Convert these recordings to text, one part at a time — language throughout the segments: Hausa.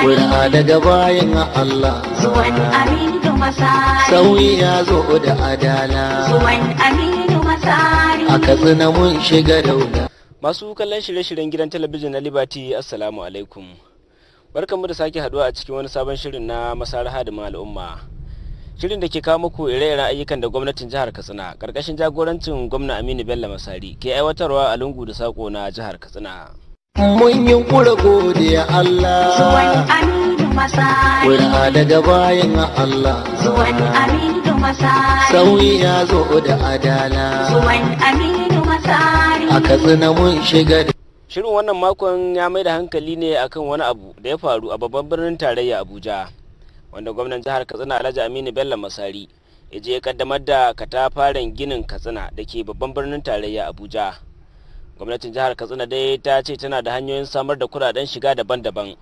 Ƙura daga bayan Allah Zuwan ya zo da adala Zuwan aminu masari A katsina mun shiga Masu kallon shirye-shiryen gidan talabijin na Liberty Assalamu alaikum Barkanmu da sake haduwa a cikin wani sabon shirin na masarar ma al'umma Shirin da ke kawo muku ire-iren ayyukan da gwamnatin jihar Katsina karkashin jagorancin gwamna Aminu Bello Masari ke aiwatarwa a lungu da sako na jihar Katsina. Mun yi godiya Allah. aminu daga bayan Allah. Zuwan aminu Sauyi ya zo da adala. Zuwan aminu A katsina mun shiga Shirin wannan makon ya mai da hankali ne akan wani abu da ya faru a babban birnin tarayya Abuja, wanda gwamnan jihar Katsina Alhaji Aminu Bello Masari ya je ya kaddamar da katafaren ginin Katsina da ke babban birnin tarayya Abuja. gwamnatin jihar katsina dai ta ce tana da hanyoyin samar da kudaden shiga daban-daban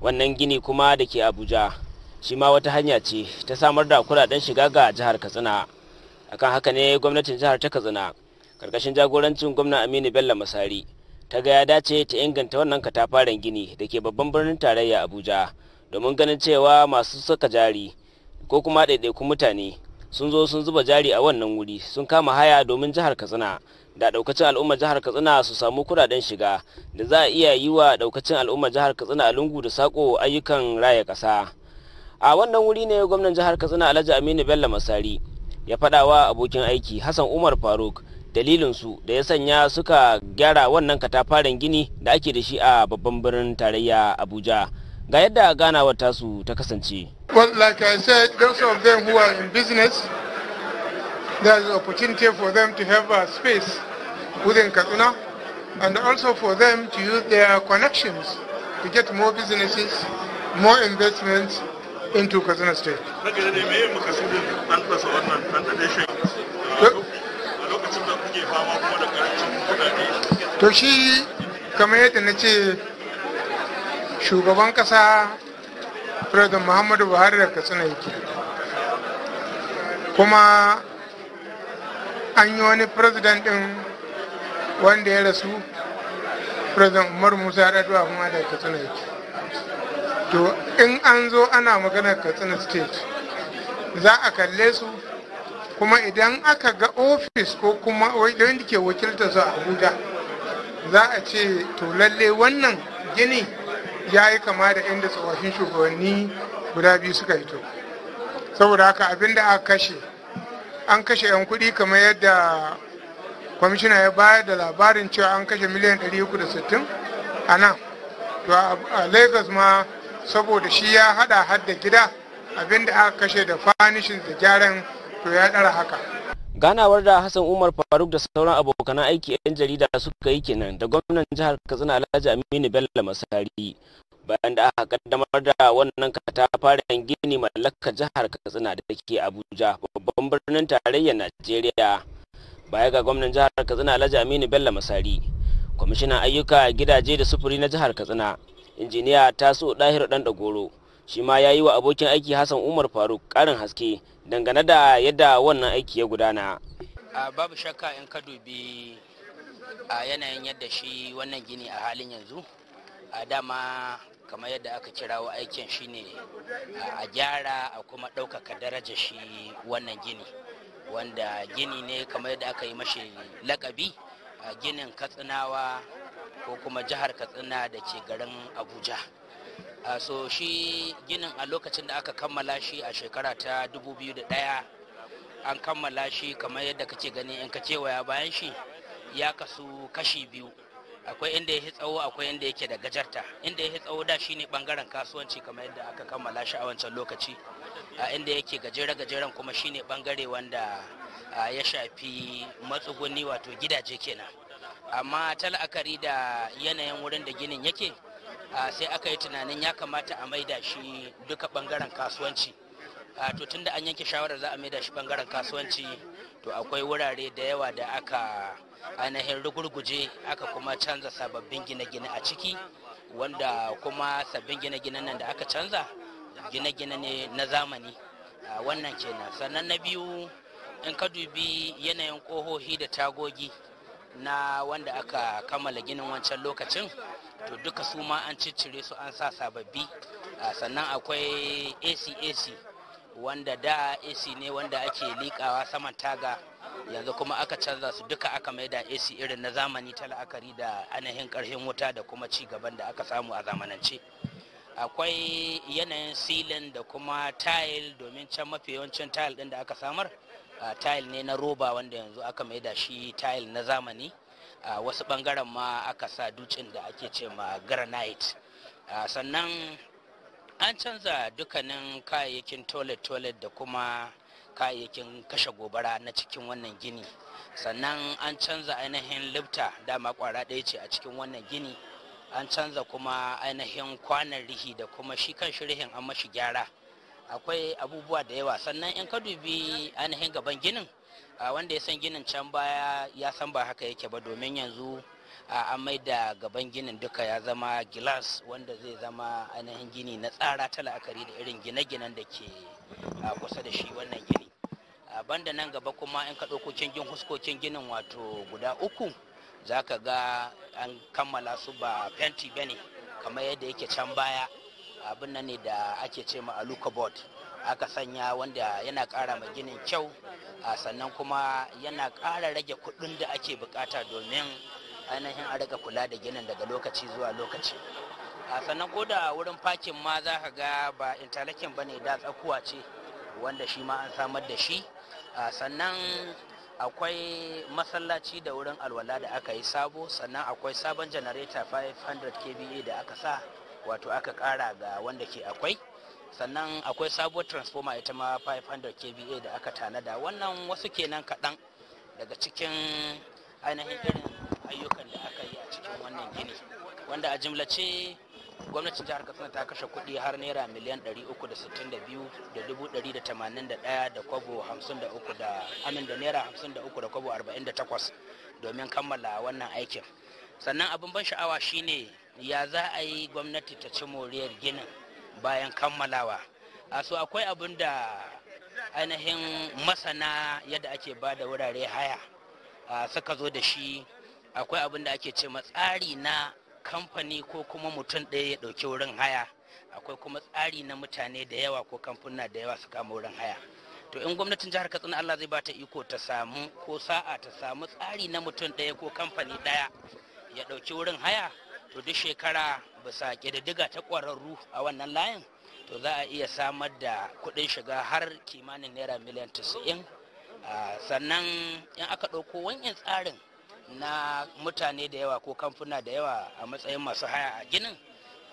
wannan gini kuma da ke abuja shi ma wata hanya ce ta samar da kudaden shiga ga jihar katsina akan haka ne gwamnatin jihar ta katsina karkashin jagorancin gwamna aminu bello masari ta ga ya dace ta inganta wannan katafaren gini da ke babban birnin tarayya abuja domin ganin cewa masu saka jari ko kuma ɗaiɗaikun mutane sun zo sun zuba jari a wannan wuri sun kama haya domin jihar katsina da daukacin al'ummar jihar katsina su samu kudaden shiga da za a iya yi wa daukacin al'ummar jihar katsina a lungu da sako ayyukan raya kasa a wannan wuri ne gwamnan jihar katsina alhaji aminu bello masari ya faɗa wa abokin aiki hassan umar faruk dalilin su da ya sanya suka gyara wannan katafaren gini da ake da shi a babban birnin tarayya abuja ga yadda ganawar tasu ta kasance well like i said those of them who are in business there's an opportunity for them to have a space within Kaduna and also for them to use their connections to get more businesses, more investments into Kaduna State. Uh, to shi kamar yadda na ce shugaban ƙasa Firadun Muhammadu Buhari da Katsina yake. Kuma an yi wani president ɗin wanda ya rasu president umar musa raduwa kuma da katsina yake to in an zo ana maganar katsina state za a kalle su kuma idan aka ga ofis ko kuma wanda ke wakilta su a abuja za a ce to lalle wannan gini ya yi kama da inda tsohon shugabanni guda biyu suka yi to saboda haka abinda aka kashe an kashe 'yan kuɗi kamar yadda kwamishina ya bayar da labarin cewa an kashe miliyan 360 a nan to a lagos ma saboda shi ya hada hadda gida abinda aka kashe da fanishin da gyaran to ya ɗara haka ganawar da hassan umar faruk da sauran abokan aiki 'yan jarida suka yi kenan da gwamnan jihar katsina alhaji aminu bello masari bayan da aka kaddamar da wannan katafaren gini mallaka jihar katsina da ke abuja babban birnin tarayyar najeriya baya ga gwamnan jihar katsina alhaji aminu bello masari kwamishinan ayyuka gidaje da sufuri na jihar katsina injiniya ta so ɗahiru ɗan dagoro shi ma ya yi wa abokin aiki hassan umar faruk karin haske dangane da yadda wannan aiki ya gudana babu shakka in ka dubi a yanayin yadda shi wannan gini a halin yanzu a dama kamar yadda aka kirawo aikin shine a gyara a kuma ɗaukaka daraja shi wannan gini wanda gini ne kamar yadda aka yi mashi lakabi a ginin katsinawa ko kuma jihar katsina da ke garin abuja a so shi ginin a lokacin da aka kammala shi a shekara ta 2001 an kammala shi kamar yadda kake gani in ka ya bayan shi ya kasu kashi biyu akwai inda yake tsawo akwai inda yake da gajarta inda yake tsawo da shine bangaren kasuwanci kamar yadda aka kammala shi a wancan lokaci a inda yake gajere gajeren kuma shine bangare wanda ya shafi matsuguni wato gidaje kenan amma ta la'akari da yanayin wurin da ginin yake sai aka yi tunanin ya kamata a maida shi duka bangaren kasuwanci to tunda an yanke shawarar za a maida shi bangaren kasuwanci to akwai wurare da yawa da aka ainihin rugurguje aka kuma canza sababbin gine-gine a ciki wanda kuma sabbin gine gine nan da aka canza gine-gine ne na zamani wannan kenan sannan na biyu in ka dubi yanayin ƙohohi da tagogi na wanda aka kammala ginin wancan lokacin to duka su ma an ciccire su an sa sababbi sannan akwai ac ac wanda da ac ne wanda ake likawa saman taga yanzu kuma aka canza su duka aka maida ac irin na zamani ta la'akari da anahin karfin wuta da kuma ci gaban da aka samu a zamanance akwai yanayin silin da kuma tayil domin can mafi yawancin tayil din da aka samar tayil ne na roba wanda yanzu aka maida shi tayil na zamani a wasu bangaren ma aka sa dutsen da ake ce ma granite sannan an canza dukkanin kayayyakin toilet-toilet da kuma kayayyakin kashe gobara na cikin wannan gini sannan an canza ainihin lifta dama kwara ɗaya ce a cikin wannan gini an canza kuma ainihin kwanan rihi da kuma shi kan shi rihin an mashi gyara akwai abubuwa da yawa sannan in ka dubi ainihin gaban ginin wanda ya san ginin can baya ya san ba haka yake ba domin yanzu an mai da gaban ginin duka ya zama gilas wanda zai zama ainihin gini na tsara ta la'akari da irin gine-ginen da ke kusa da shi wannan gini banda nan gaba kuma in ka ɗauko cingin huskokin ginin wato guda uku za ka ga an kammala su ba fenti ba ne kamar yadda yake can baya abin nan ne da ake ce ma aluka board aka sanya wanda yana ƙara ma ginin kyau sannan kuma yana ƙara rage kuɗin da ake bukata domin ainihin a daga kula da ginin daga lokaci zuwa lokaci a sannan ko da wurin fakin ma za ka ga ba intalakin ba ne da tsakuwa ce wanda shi ma an samar da shi sannan akwai masallaci da wurin alwala da aka yi sabo sannan akwai sabon janareta 500 kva da aka sa wato aka kara ga wanda ke akwai sannan akwai sabuwar transformer ita ma 500 kva da aka tanada wannan wasu kenan kaɗan daga cikin ainihin irin ayyukan da aka yi a cikin wannan gini wanda a jimlace gwamnatin jihar katsina ta kashe kuɗi har naira miliyan 362,181 da kwabo 53 da amin da naira 53 da kwabo 48 domin kammala wannan aikin sannan abin ban sha'awa shine ya za a yi gwamnati ta ci moriyar ginin bayan kammalawa a so akwai abin da ainihin masana yadda ake ba da wurare haya suka zo da shi akwai abin da ake ce tsari na kamfani ko kuma mutum ɗaya ya ɗauki wurin haya akwai kuma tsari na mutane da yawa ko kamfuna da yawa su kama wurin haya to in gwamnatin jihar katsina allah zai bata iko ta samu ko sa'a ta samu tsari na mutum ɗaya ko kamfani ɗaya ya ɗauki wurin haya to duk shekara bisa ƙididdiga ta ƙwararru a wannan layin to za a iya samar da kuɗin shiga har kimanin naira miliyan 90 ah, sannan in aka ɗauko wanyan tsarin na mutane da yawa ko kamfuna da yawa a matsayin masu haya a ginin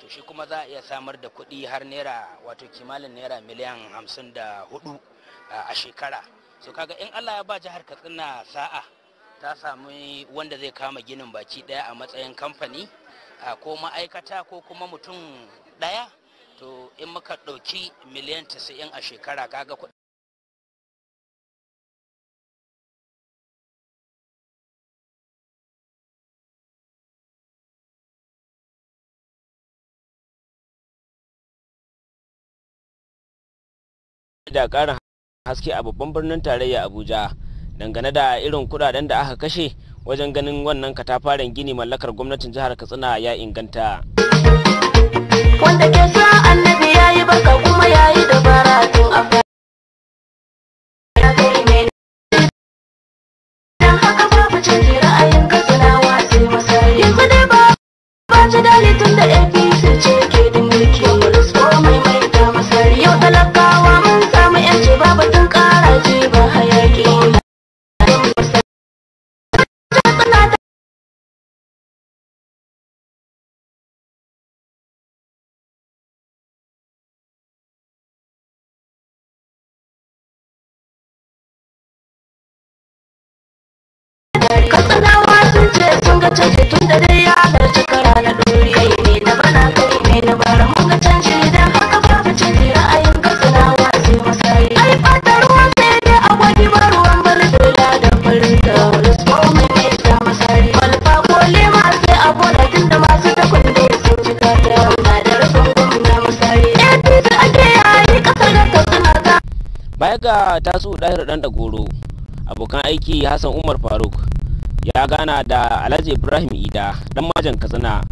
to shi kuma za a iya samar da kuɗi har naira wato kimanin naira miliyan hamsin da hudu a shekara so kaga in allah ya ba jihar katsina sa'a ta sami wanda zai kama ginin baki daya a matsayin kamfani ko ma'aikata ko kuma mutum daya to in muka ɗauki miliyan 90 a shekara kaga kuɗi. da ƙarin haske a babban birnin tarayya abuja dangane da irin kudaden da aka kashe wajen ganin wannan katafaren gini mallakar gwamnatin jihar katsina ya inganta da tasu ɗahir ɗan da goro abokan aiki hassan umar faruk ya gana da alhaji ibrahim ida ɗan majan katsina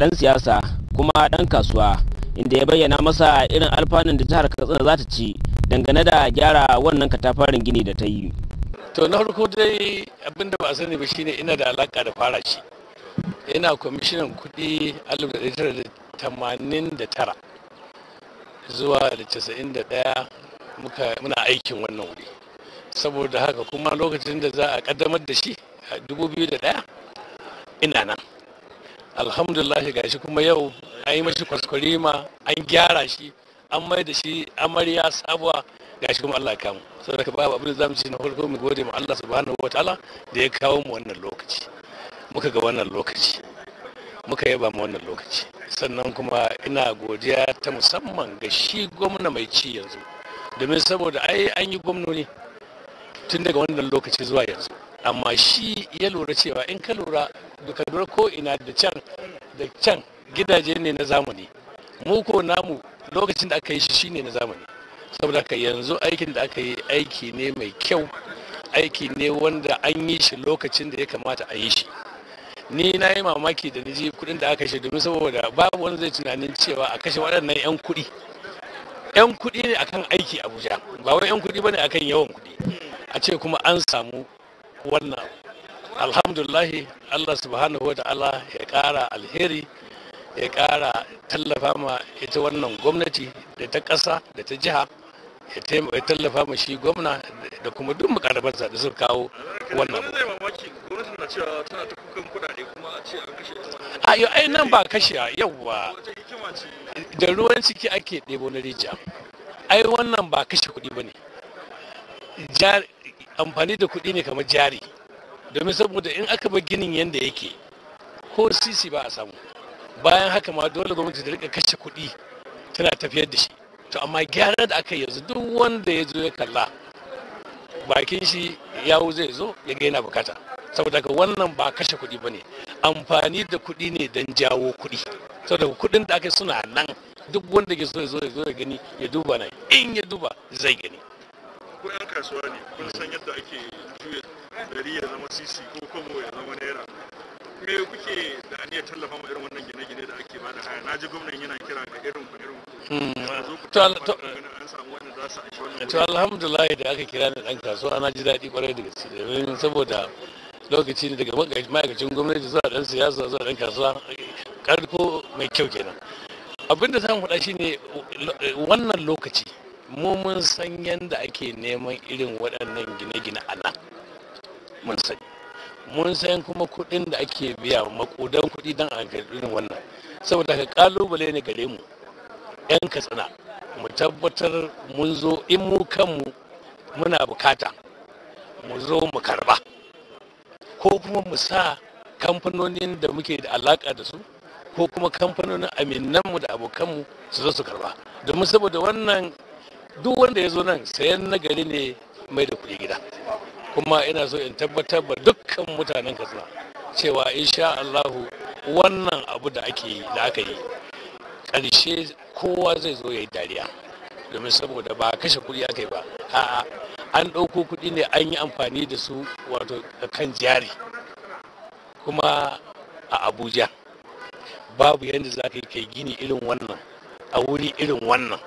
ɗan siyasa kuma ɗan kasuwa inda ya bayyana masa irin alfanun da jihar katsina za ta ci dangane da gyara wannan katafarin gini da ta yi to na farko dai abin da ba a sani ba shine ina da alaka da fara shi ina kwamishinan kudi 1989 zuwa da 91 muna aikin wannan wuri saboda haka kuma lokacin da za a kaddamar da shi a 2001 ina nan alhamdulillah shi kuma yau an yi mashi kwaskwarima an gyara shi an mai da shi amarya sabuwa shi kuma Allah kamu da ka babu abin da mu ci na farko mu gode ma, Allah subhanahu ta'ala da ya kawo mu wannan lokaci muka ga wannan lokaci muka yaba mu wannan lokaci sannan kuma ina godiya ta musamman ga shi gwamna mai ci yanzu domin saboda ai an yi gwamnoni tun daga wannan lokaci zuwa yanzu amma shi ya lura cewa in ka lura da ka lura ko ina da can da can gidaje ne na zamani mu ko namu lokacin da aka yi shi shine na zamani saboda ka yanzu aikin da aka yi aiki ne mai kyau aiki ne wanda an yi shi lokacin da ya kamata a yi shi ni na yi mamaki da ji kudin da aka shi domin saboda babu wani zai tunanin cewa a kashe waɗannan 'yan kuɗi 'yan kuɗi ne akan aiki abuja ba wai 'yan kuɗi ba ne akan yawan kuɗi a ce kuma an samu wannan alhamdulahi allah subhanahu wa ta'ala ya kara alheri ya ƙara tallafa ma ita wannan gwamnati da ta ƙasa da ta jiha ya tallafa ma shi gwamna da kuma duk makarabarsa da suka kawo wannan a ai nan ba kashe ba. da ruwan ciki ake ɗebo na rijiya ai wannan ba kashe kuɗi ba ne amfani da kuɗi ne kamar jari domin saboda in aka bar ginin yadda yake ko sisi ba a samu bayan haka ma dole gwamnati da rika kashe kuɗi tana tafiyar da shi to amma gyara da aka yanzu duk wanda ya zo ya kalla bakin shi yawo zai zo ya ga yana bukata saboda ga wannan ba kashe kuɗi ba ne amfani da kuɗi ne don jawo kuɗi saboda kuɗin da aka suna nan duk wanda ke so ya zo ya zo ya gani ya duba na in ya duba zai gani ko yan kasuwa ne kun san yadda ake juya dari ya zama sisi ko komo ya zama naira me kuke da ya tallafa ma irin wannan gine-gine da ake bada haya na ji gwamnan yana kira ga irin ku irin ku hmm. to alhamdulillah da aka kira ni dan kasuwa na ji daɗi kwarai da gaske saboda lokaci ne daga ma'aikacin gwamnati zuwa dan siyasa zuwa dan kasuwa karko mai kyau kenan abinda zan mu faɗa shine wannan lokaci mu mun san yadda ake neman irin waɗannan gine-gine a nan mun sani mun san kuma kuɗin da ake biya makudan kuɗi don a irin wannan saboda ka kalubale ne gare mu 'yan katsina mu tabbatar mun zo in mu kanmu muna bukata mu zo mu karba ko kuma mu sa kamfanonin da muke da alaka da su ko kuma kamfanonin aminanmu da abokanmu su zo su karba domin saboda wannan duk wanda ya zo nan sayan nagari ne mai da kuɗi gida kuma ina so in tabbatar ba dukkan mutanen katsina cewa insha Allahu wannan abu da ake yi da aka yi ƙarshe kowa zai zo ya yi dariya domin saboda ba kashe kuɗi aka yi ba a'a an ɗauko kuɗi ne an yi amfani da su wato kan jari kuma a abuja babu yadda za ka yi kai gini irin wannan a wuri irin wannan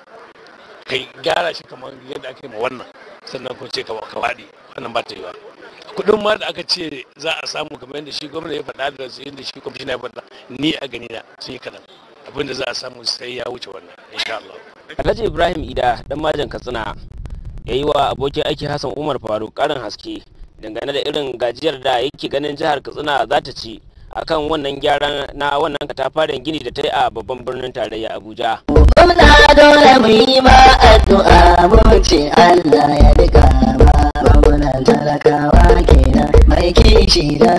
kai gyara shi kamar yadda aka yi ma wannan sannan kun ce ka waɗi wannan ba ta yiwa. ba kuɗin ma da aka ce za a samu kamar yadda shi gwamna ya faɗa da su yadda shi kwamishina ya faɗa ni a gani na sun yi kaɗan abinda za a samu sai ya wuce wannan insha Allah. Alhaji Ibrahim Ida dan majan Katsina ya yi wa abokin aiki Hassan Umar Faruk ƙarin haske dangane da irin gajiyar da yake ganin jihar Katsina za ta ci akan wannan gyaran na wannan katafaren gini da ta yi a babban birnin tarayya abuja gwamna dole mu yi ma addu'a ce allah ya rika ba gwamnan talakawa kenan mai kishi da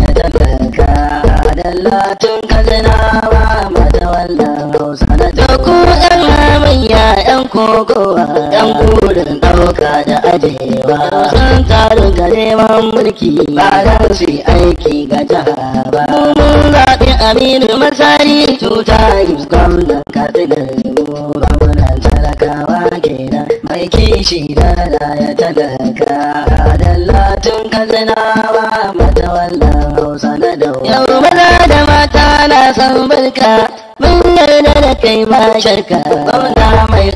ya talaka dalla tun kazinawa mata wallan hausa na duk kokowa dan burin ɗauka da ajewa sun taru ga neman mulki ba za su yi aiki ga jiha ba mun zaɓi aminu masari tuta yi gwamnan katsinan goma wannan talakawa kenan mai kishi da ya talaka adalla tun kazinawa mata wannan hausa na dawa yau maza da mata na san barka mun yarda da kai ma sharka gwamna mai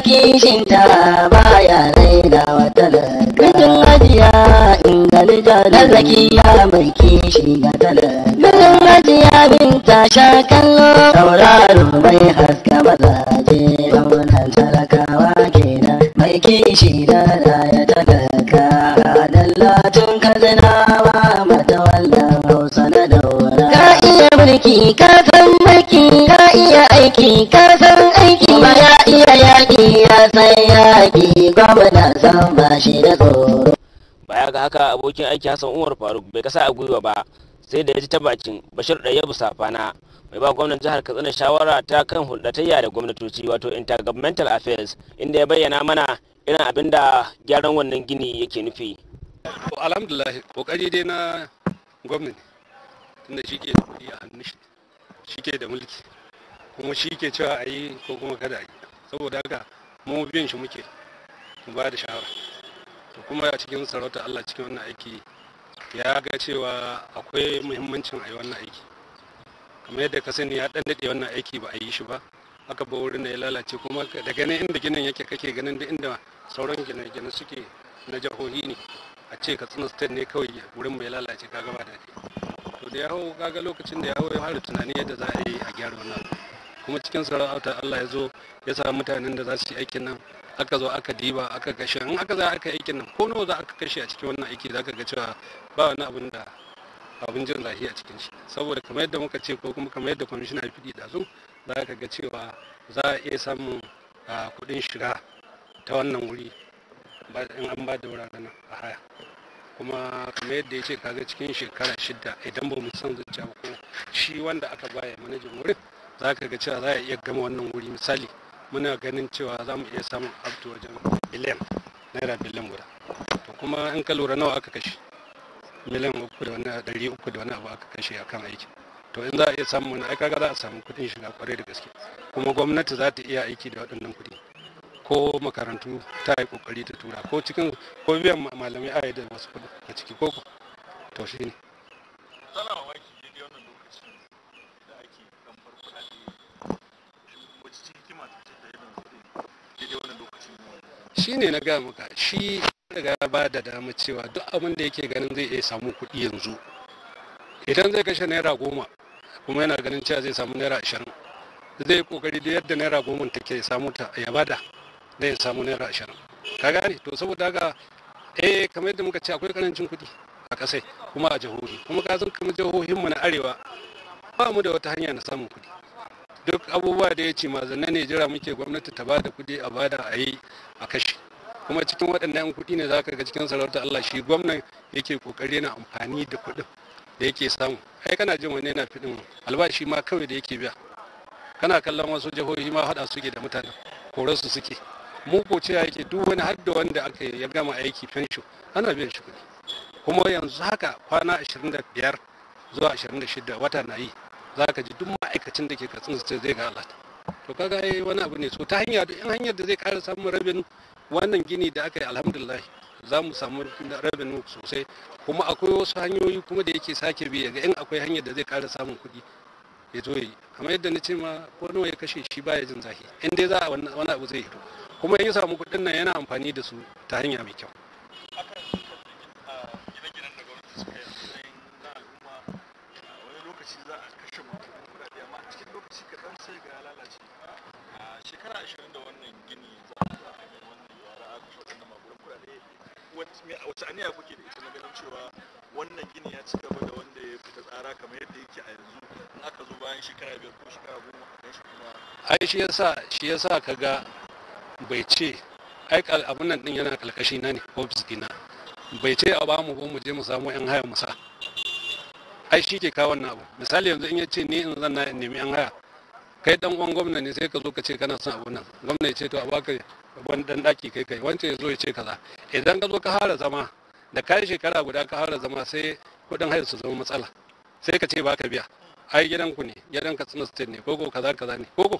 kishinta baya raina wata Mijin ajiya ingali jana ya mai kishi ga tala. Mijin ajiya binta sha kallo sauraro mai haska je. Gwamnan talakawa kenan mai kishi da ya talaka. Adalatun kazinawa mata wallan hausa na daura. Ka iya mulki ka san mulki ka iya aiki ka yaki ya san yaki gwamnan san ba shi da tsoro. Baya ga haka abokin aiki Hassan Umar Faruk bai kasa a gwiwa ba sai da ya ji ta bakin Bashir Ɗayyabu Safana mai ba gwamnan jihar Katsina shawara ta kan hulɗatayya da gwamnatoci wato intergovernmental affairs inda ya bayyana mana irin abin da gyaran wannan gini yake nufi. Alhamdulillah kokari dai na gwamnati tunda shi ke da hannu a shi shi ke da mulki kuma shi ke cewa a yi ko kuma kada a yi. saboda haka mu biyan shi muke mu ba da shawara to kuma a cikin sarauta Allah cikin wannan aiki ya ga cewa akwai muhimmancin a yi wannan aiki kamar yadda ka sani ya dan daɗe wannan aiki ba a yi shi ba aka ba wurin ya lalace kuma da ganin inda ginin yake kake ganin da inda sauran gine-gine suke na jihohi ne a ce ka tsina state ne kawai wurin bai lalace ka gaba da to da yawo kaga lokacin da ya yawo ya fara tunani yadda za a yi a gyara wannan kuma cikin sarauta Allah ya zo ya sa mutanen da za su yi aikin nan aka zo aka diba aka kashe in aka za aka aikin nan ko nawa za aka kashe a cikin wannan aiki za ka ga cewa ba wani abin da abin jin zahi a cikin shi saboda kamar yadda muka ce ko kuma kamar yadda kwamishina fidi da su za ka ga cewa za a iya samun kuɗin shiga ta wannan wuri in an ba da wuraren nan a haya kuma kamar yadda ya ce kaga cikin shekara shida idan ba mu san zuciya ko shi wanda aka baya manajan wurin za ka ga cewa za a iya gama wannan wuri misali muna ganin cewa za mu iya samun abdu wajen biliyan naira biliyan guda to kuma in ka lura nawa aka kashe miliyan uku da wani ɗari uku da wani abu aka kashe a kan aiki to in za a iya samun wani aika za a samu kuɗin shiga kwarai da gaske kuma gwamnati za ta iya aiki da waɗannan kuɗi ko makarantu ta yi kokari ta tura ko cikin ko biyan malamai a da wasu kuɗi a ciki ko to shi ne shi ne na gaya maka shi daga ya ba da dama cewa duk abin da yake ganin zai iya samu kuɗi yanzu idan zai kashe naira goma kuma yana ganin cewa zai samu naira ashirin zai yi kokari da yadda naira goma ta ke samu ta ya bada da ya samu naira ashirin ka gane to saboda haka eh kamar yadda muka ce akwai karancin kuɗi a ƙasai kuma a jihohi kuma ka san kamar jihohinmu na arewa ba mu da wata hanya na samun kuɗi duk abubuwa da ya ce mazana ne jira muke gwamnati ta bada kudi a bada a yi a kashe kuma cikin waɗannan kuɗi ne ka ga cikin sarauta Allah shi gwamnan yake kokari yana amfani da kuɗin da yake samu ai kana jin wani yana fiɗin albashi ma kawai da yake biya kana kallon wasu jihohi ma haɗa suke da mutanen su suke mu ko cewa yake duk wani hadda wanda aka ya gama aiki fensho ana biyan shi kudi kuma yanzu haka kwana 25 zuwa 26 wata na yi za ka ji duk ma'aikacin da ke katsin su zai ga alat to kaga ai wani abu ne so ta hanya in hanyar da zai kara samun rabin wannan gini da aka yi alhamdulillah za mu samu rabin sosai kuma akwai wasu hanyoyi kuma da yake sake biya ga in akwai hanyar da zai kara samun kuɗi ya zo yi kamar yadda na ce ma ko nawa ya kashe shi baya jin zafi in dai za a wani abu zai hito kuma in ya samu kuɗin nan yana amfani da su ta hanya mai kyau shekara ashirin da wannan gini za a za a yi wannan yara a kashe wannan magudan kuɗaɗe wata aniya kuke da ita na ganin cewa wannan gini ya ci gaba da wanda ya fita tsara kamar yadda yake a yanzu in aka zo bayan shekara biyar ko shekara goma a shi kuma ai shi yasa shi yasa ga bai ce ai abin nan din yana kalkashi na ne ofis dina bai ce a ba mu ko mu je mu samu yan haya mu sa ai shi ke kawo wannan abu misali yanzu in ya ce ni in zan na nemi yan haya kai dan uwan gwamna ne sai ka zo ka ce kana son abu nan gwamna ya ce to a baka wani dan daki kai kai wancan ya zo ya ce kaza idan ka zo ka hara zama da kai shekara guda ka hara zama sai kudin haihu su zama matsala sai ka ce baka biya ai gidan ku ne gidan ka state ne koko kaza kaza ne koko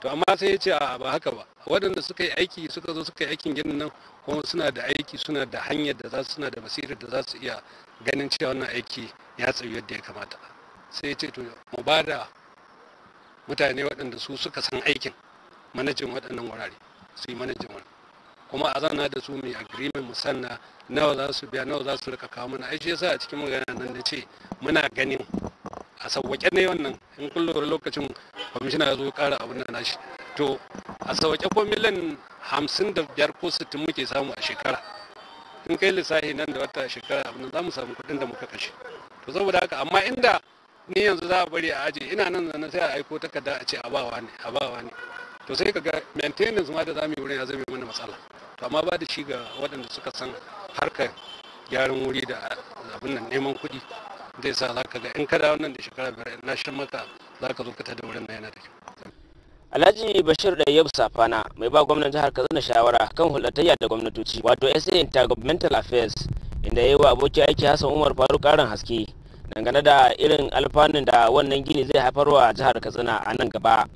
to amma sai ya ce a ba haka ba waɗanda suka yi aiki suka zo suka yi aikin ginin nan kuma suna da aiki suna da hanyar da za su suna da basirar da za su iya ganin cewa wannan aiki ya tsayu yadda ya kamata sai ya ce to mu ba da mutane waɗanda su suka san aikin manajin waɗannan wurare su yi manajin wani kuma a zana da su mai agreement musanna nawa za su biya nawa za su rika kawo mana ai yasa a cikin magana nan da ce muna ganin a sauwaƙe ne wannan in kun lura lokacin kwamishina ya zo ƙara abin nan nashi to a sauwaƙe ko miliyan hamsin da biyar ko sittin muke samu a shekara in kai lissafi nan da wata shekara abin nan za mu samu kuɗin da muka kashe to saboda haka amma inda ni yanzu za a bari a aji ina nan zana sai a aiko takarda a ce a bawa ne a bawa ne to sai ka ga maintenance ma da zamu yi wurin ya zame mana matsala to amma ba da shi ga waɗanda suka san harkar gyaran wuri da abin nan neman kuɗi zai sa za ka ga in kada wannan da shekara biyar na shan maka za ka zo ka tada wurin na yana da kyau. Alhaji Bashir Dayyab Safana mai ba gwamnan jihar Katsina shawara kan hulɗatayya da gwamnatoci wato SA Intergovernmental Affairs inda ya yi wa abokin aiki Hassan Umar Faruk ƙarin haske dangane da irin alfanun da wannan gini zai haifarwa jihar katsina a nan gaba.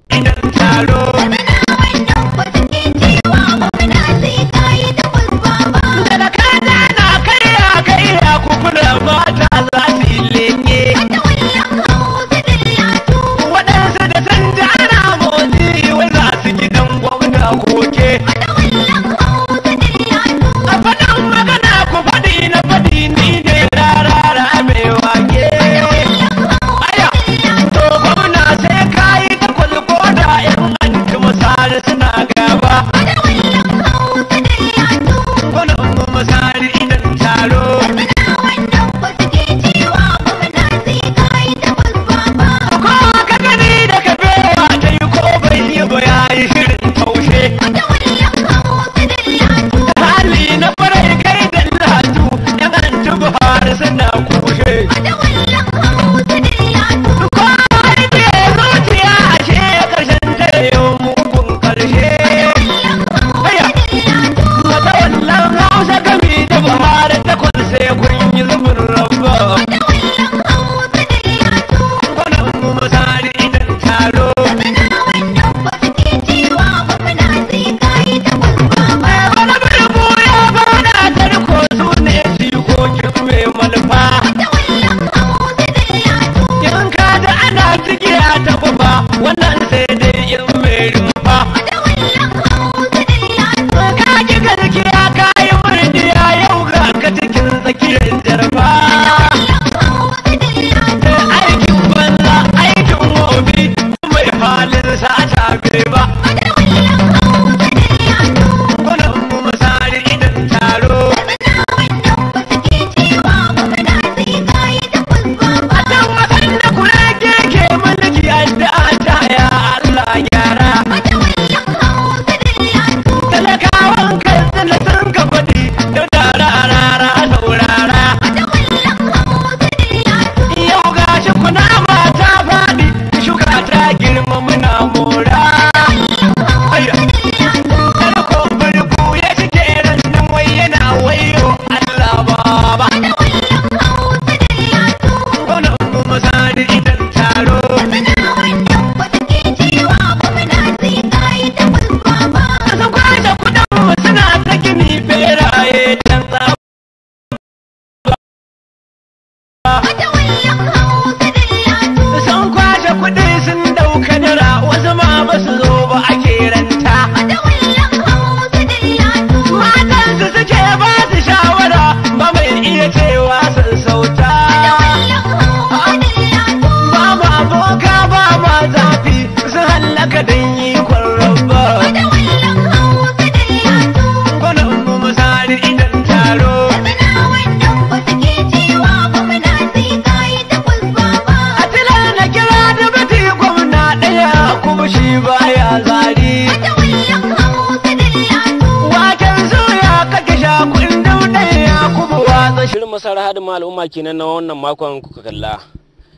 kasar hadin al'umma kenan na wannan makon kuka kalla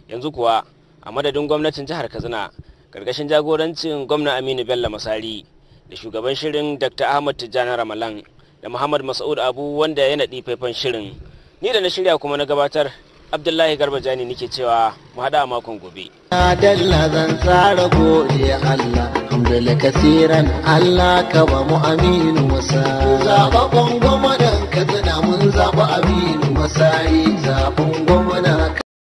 yanzu kuwa a madadin gwamnatin jihar kazina karkashin jagorancin gwamna aminu bello masari da shugaban shirin dr ahmad tijjani ramalan da muhammad masaud abu wanda ya naɗi faifan shirin ni da na shirya kuma na gabatar abdullahi garba jani nake cewa mu a makon gobe allah ka ba mu aminu wasa katsina mun zaɓi aminu masari zaɓin gwamna